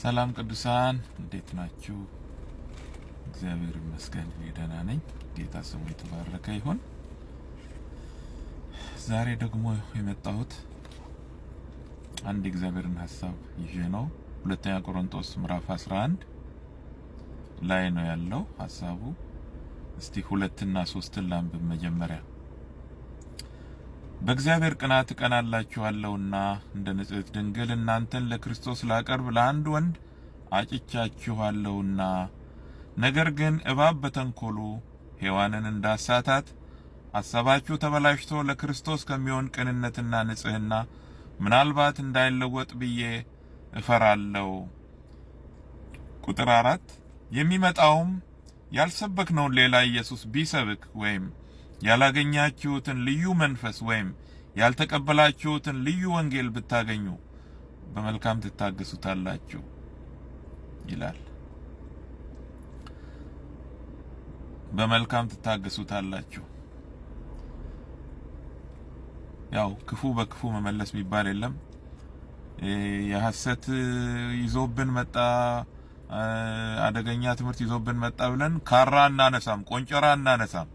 ሰላም ቅዱሳን እንዴት ናችሁ? እግዚአብሔር ይመስገን ደህና ነኝ። ጌታ ስሙ የተባረከ ይሁን። ዛሬ ደግሞ የመጣሁት አንድ የእግዚአብሔርን ሀሳብ ይዤ ነው። ሁለተኛ ቆሮንቶስ ምዕራፍ 11 ላይ ነው ያለው ሀሳቡ። እስቲ ሁለትና ሶስትን ላንብብ መጀመሪያ በእግዚአብሔር ቅናት እቀናላችኋለሁና እንደ ንጽሕት ድንግል እናንተን ለክርስቶስ ላቀርብ ለአንድ ወንድ አጭቻችኋለሁና። ነገር ግን እባብ በተንኮሉ ሔዋንን እንዳሳታት አሰባችሁ ተበላሽቶ ለክርስቶስ ከሚሆን ቅንነትና ንጽሕና ምናልባት እንዳይለወጥ ብዬ እፈራለሁ። ቁጥር አራት የሚመጣውም ያልሰበክነውን ሌላ ኢየሱስ ቢሰብክ ወይም ያላገኛችሁትን ልዩ መንፈስ ወይም ያልተቀበላችሁትን ልዩ ወንጌል ብታገኙ በመልካም ትታገሱታላችሁ ይላል። በመልካም ትታገሱታላችሁ። ያው ክፉ በክፉ መመለስ የሚባል የለም። የሐሰት ይዞብን መጣ፣ አደገኛ ትምህርት ይዞብን መጣ ብለን ካራ እናነሳም፣ ቆንጨራ እናነሳም።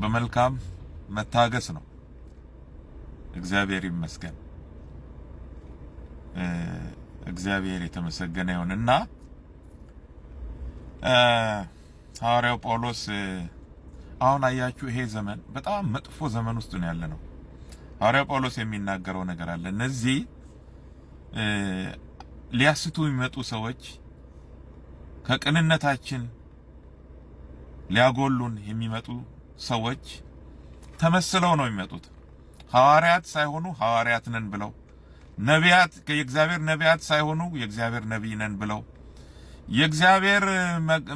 በመልካም መታገስ ነው። እግዚአብሔር ይመስገን። እግዚአብሔር የተመሰገነ ይሁን እና ሐዋርያው ጳውሎስ አሁን አያችሁ፣ ይሄ ዘመን በጣም መጥፎ ዘመን ውስጥ ነው ያለ ነው። ሐዋርያው ጳውሎስ የሚናገረው ነገር አለ። እነዚህ ሊያስቱ የሚመጡ ሰዎች ከቅንነታችን ሊያጎሉን የሚመጡ ሰዎች ተመስለው ነው የሚመጡት። ሐዋርያት ሳይሆኑ ሐዋርያት ነን ብለው፣ ነቢያት የእግዚአብሔር ነቢያት ሳይሆኑ የእግዚአብሔር ነቢይ ነን ብለው፣ የእግዚአብሔር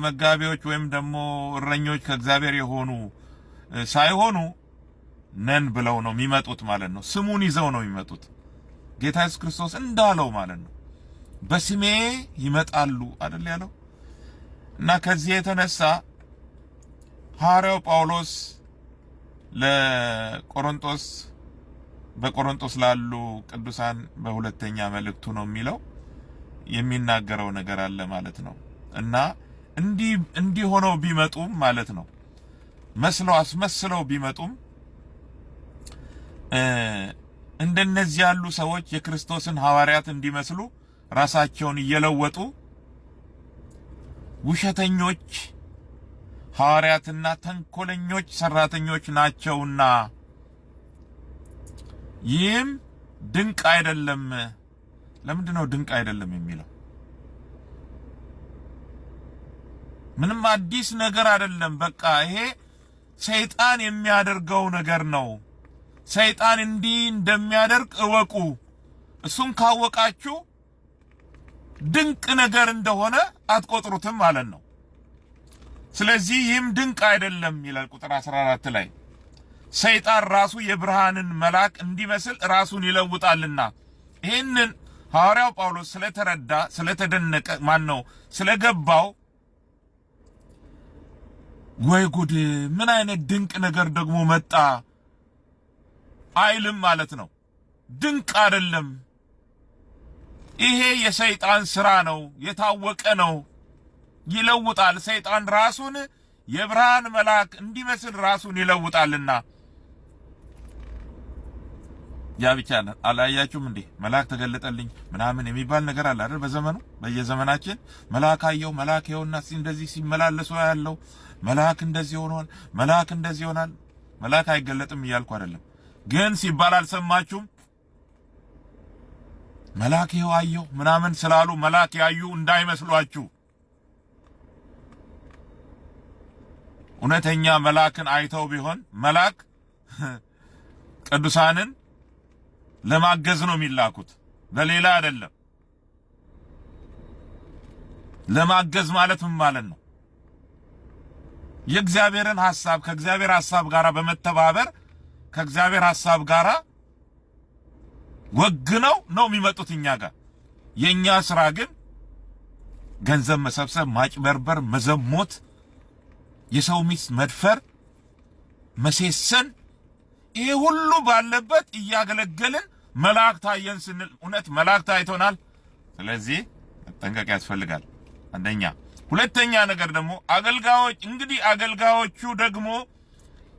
መጋቢዎች ወይም ደግሞ እረኞች ከእግዚአብሔር የሆኑ ሳይሆኑ ነን ብለው ነው የሚመጡት ማለት ነው። ስሙን ይዘው ነው የሚመጡት። ጌታ ኢየሱስ ክርስቶስ እንዳለው ማለት ነው በስሜ ይመጣሉ አይደል ያለው እና ከዚህ የተነሳ ሐዋርያው ጳውሎስ ለቆሮንቶስ በቆሮንቶስ ላሉ ቅዱሳን በሁለተኛ መልእክቱ ነው የሚለው የሚናገረው ነገር አለ ማለት ነው። እና እንዲህ እንዲህ ሆነው ቢመጡም ማለት ነው መስለው አስመስለው ቢመጡም እንደነዚህ ያሉ ሰዎች የክርስቶስን ሐዋርያት እንዲመስሉ ራሳቸውን እየለወጡ ውሸተኞች ሐዋርያትና ተንኮለኞች ሰራተኞች ናቸውና ይህም ድንቅ አይደለም። ለምንድን ነው ድንቅ አይደለም የሚለው? ምንም አዲስ ነገር አይደለም። በቃ ይሄ ሰይጣን የሚያደርገው ነገር ነው። ሰይጣን እንዲህ እንደሚያደርግ እወቁ። እሱን ካወቃችሁ ድንቅ ነገር እንደሆነ አትቆጥሩትም ማለት ነው። ስለዚህ ይህም ድንቅ አይደለም ይላል ቁጥር 14 ላይ ሰይጣን ራሱ የብርሃንን መልአክ እንዲመስል ራሱን ይለውጣልና። ይህንን ሐዋርያው ጳውሎስ ስለተረዳ ስለተደነቀ፣ ማን ነው ስለገባው፣ ወይ ጉድ ምን አይነት ድንቅ ነገር ደግሞ መጣ አይልም ማለት ነው። ድንቅ አይደለም ይሄ የሰይጣን ስራ ነው፣ የታወቀ ነው። ይለውጣል። ሰይጣን ራሱን የብርሃን መልአክ እንዲመስል ራሱን ይለውጣልና ያ ብቻ ነው። አላያችሁም እንዴ? መልአክ ተገለጠልኝ ምናምን የሚባል ነገር አለ አይደል? በዘመኑ በየዘመናችን መልአክ አየው መልአክ ይኸውና እንደዚህ ሲመላለሱ ያለው መልአክ እንደዚህ ሆኗል፣ መልአክ እንደዚህ ይሆናል። መልአክ አይገለጥም እያልኩ አይደለም፣ ግን ሲባል አልሰማችሁም? መልአክ ይኸው አየው ምናምን ስላሉ መልአክ ያዩ እንዳይመስሏችሁ። እውነተኛ መልአክን አይተው ቢሆን መልአክ ቅዱሳንን ለማገዝ ነው የሚላኩት፣ ለሌላ አይደለም። ለማገዝ ማለት ምን ማለት ነው? የእግዚአብሔርን ሐሳብ ከእግዚአብሔር ሐሳብ ጋር በመተባበር ከእግዚአብሔር ሐሳብ ጋር ወግነው ነው የሚመጡት እኛ ጋር። የእኛ ስራ ግን ገንዘብ መሰብሰብ፣ ማጭበርበር፣ መዘሞት የሰው ሚስት መድፈር፣ መሴሰን፣ ይህ ሁሉ ባለበት እያገለገልን መላእክት አየን ስንል እውነት መላእክት ታይቶናል። ስለዚህ መጠንቀቅ ያስፈልጋል። አንደኛ። ሁለተኛ ነገር ደግሞ አገልጋዮች እንግዲህ አገልጋዮቹ ደግሞ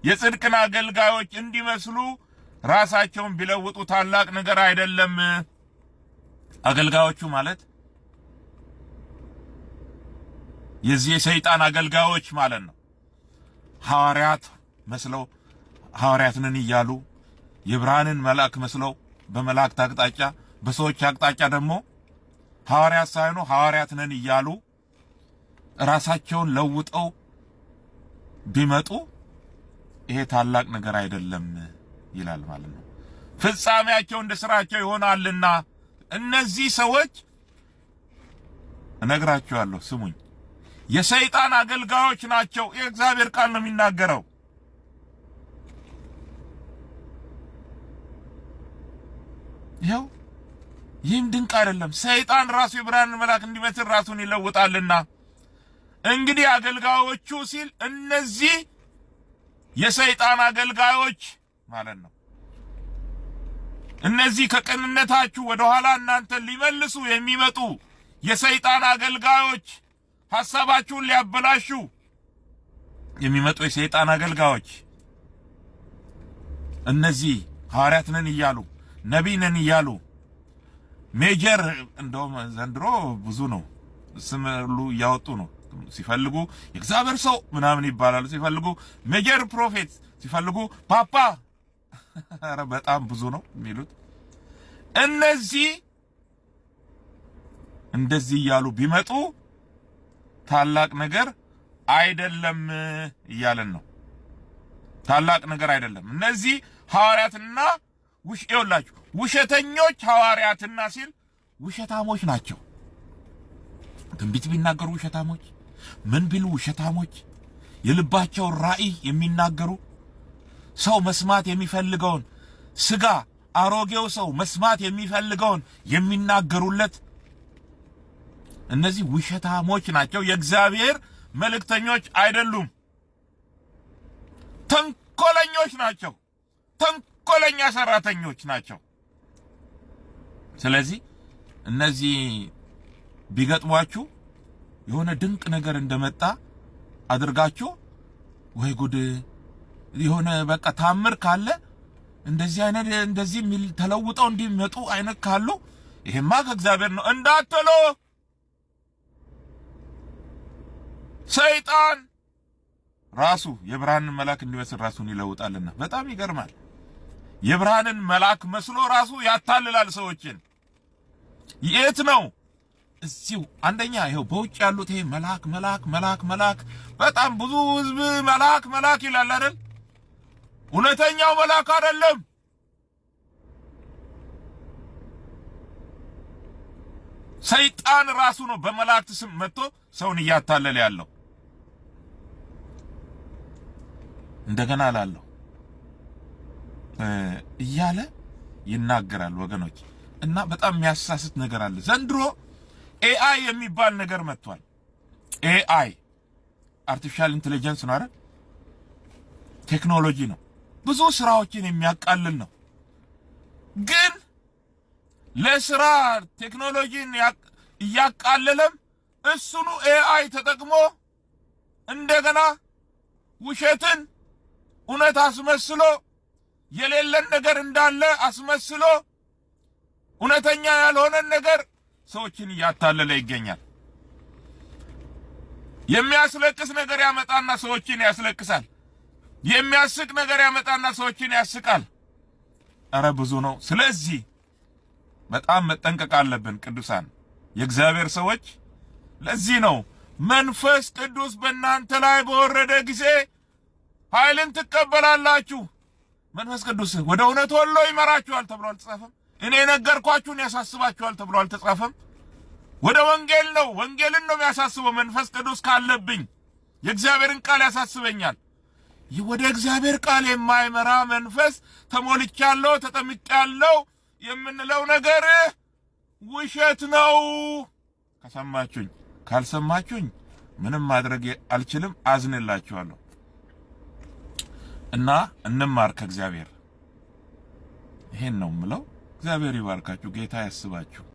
የጽድቅን አገልጋዮች እንዲመስሉ ራሳቸውን ቢለውጡ ታላቅ ነገር አይደለም። አገልጋዮቹ ማለት የዚህ የሰይጣን አገልጋዮች ማለት ነው። ሐዋርያት መስለው ሐዋርያት ነን እያሉ የብርሃንን መልአክ መስለው በመላእክት አቅጣጫ በሰዎች አቅጣጫ ደግሞ ሐዋርያት ሳይሆኑ ሐዋርያት ነን እያሉ ራሳቸውን ለውጠው ቢመጡ ይሄ ታላቅ ነገር አይደለም ይላል ማለት ነው። ፍጻሜያቸው እንደ ስራቸው ይሆናልና እነዚህ ሰዎች እነግራቸዋለሁ። ስሙኝ። የሰይጣን አገልጋዮች ናቸው። የእግዚአብሔር ቃል ነው የሚናገረው። ይኸው ይህም ድንቅ አይደለም። ሰይጣን ራሱ የብርሃንን መልአክ እንዲመስል ራሱን ይለውጣልና እንግዲህ አገልጋዮቹ ሲል እነዚህ የሰይጣን አገልጋዮች ማለት ነው። እነዚህ ከቅንነታችሁ ወደኋላ እናንተን ሊመልሱ የሚመጡ የሰይጣን አገልጋዮች ሐሳባችሁን ሊያበላሹ የሚመጡ የሰይጣን አገልጋዮች እነዚህ ሐዋርያት ነን እያሉ ነቢይ ነን እያሉ ሜጀር እንደውም ዘንድሮ ብዙ ነው ስም ሁሉ እያወጡ ነው። ሲፈልጉ የእግዚአብሔር ሰው ምናምን ይባላሉ። ሲፈልጉ ሜጀር ፕሮፌት፣ ሲፈልጉ ፓፓ። ኧረ በጣም ብዙ ነው የሚሉት እነዚህ እንደዚህ እያሉ ቢመጡ ታላቅ ነገር አይደለም እያለን ነው። ታላቅ ነገር አይደለም። እነዚህ ሐዋርያትና ውሽ ይውላችሁ ውሸተኞች ሐዋርያትና ሲል ውሸታሞች ናቸው። ትንቢት ቢናገሩ ውሸታሞች፣ ምን ቢሉ ውሸታሞች፣ የልባቸውን ራእይ የሚናገሩ ሰው መስማት የሚፈልገውን ስጋ አሮጌው ሰው መስማት የሚፈልገውን የሚናገሩለት እነዚህ ውሸታሞች ናቸው፣ የእግዚአብሔር መልእክተኞች አይደሉም፣ ተንኮለኞች ናቸው፣ ተንኮለኛ ሰራተኞች ናቸው። ስለዚህ እነዚህ ቢገጥሟችሁ የሆነ ድንቅ ነገር እንደመጣ አድርጋችሁ ወይ ጉድ የሆነ በቃ ታምር ካለ እንደዚህ አይነት እንደዚህ ተለውጠው እንዲመጡ አይነት ካሉ ይሄማ ከእግዚአብሔር ነው እንዳትሎ ሰይጣን ራሱ የብርሃንን መልአክ እንዲመስል ራሱን ይለውጣልና በጣም ይገርማል። የብርሃንን መልአክ መስሎ ራሱ ያታልላል ሰዎችን። የት ነው እዚሁ አንደኛ ይኸው በውጭ ያሉት ይሄ መልአክ መልአክ መልአክ መልአክ በጣም ብዙ ህዝብ መልአክ መልአክ ይላል አይደል? እውነተኛው መልአክ አይደለም። ሰይጣን ራሱ ነው በመላእክት ስም መጥቶ ሰውን እያታለለ ያለው። እንደገና እላለሁ እያለ ይናገራል ወገኖች። እና በጣም የሚያሳስት ነገር አለ። ዘንድሮ ኤአይ የሚባል ነገር መጥቷል። ኤአይ አርቲፊሻል ኢንቴሊጀንስ ነው አይደል? ቴክኖሎጂ ነው። ብዙ ስራዎችን የሚያቃልል ነው። ግን ለስራ ቴክኖሎጂን እያቃለለም እሱኑ ኤአይ ተጠቅሞ እንደገና ውሸትን እውነት አስመስሎ የሌለን ነገር እንዳለ አስመስሎ እውነተኛ ያልሆነን ነገር ሰዎችን እያታለለ ይገኛል። የሚያስለቅስ ነገር ያመጣና ሰዎችን ያስለቅሳል። የሚያስቅ ነገር ያመጣና ሰዎችን ያስቃል። እረ ብዙ ነው። ስለዚህ በጣም መጠንቀቅ አለብን ቅዱሳን የእግዚአብሔር ሰዎች። ለዚህ ነው መንፈስ ቅዱስ በእናንተ ላይ በወረደ ጊዜ ኃይልን ትቀበላላችሁ፣ መንፈስ ቅዱስ ወደ እውነት ወሎ ይመራችኋል ተብሎ አልተጻፈም? እኔ ነገርኳችሁን ያሳስባችኋል ተብሎ አልተጻፈም? ወደ ወንጌል ነው። ወንጌልን ነው የሚያሳስበው። መንፈስ ቅዱስ ካለብኝ የእግዚአብሔርን ቃል ያሳስበኛል። ወደ እግዚአብሔር ቃል የማይመራ መንፈስ ተሞልቻለሁ፣ ተጠምቄያለሁ የምንለው ነገር ውሸት ነው። ከሰማችሁኝ፣ ካልሰማችሁኝ ምንም ማድረግ አልችልም። አዝንላችኋለሁ። እና እንማር ከእግዚአብሔር። ይሄን ነው የምለው። እግዚአብሔር ይባርካችሁ። ጌታ ያስባችሁ።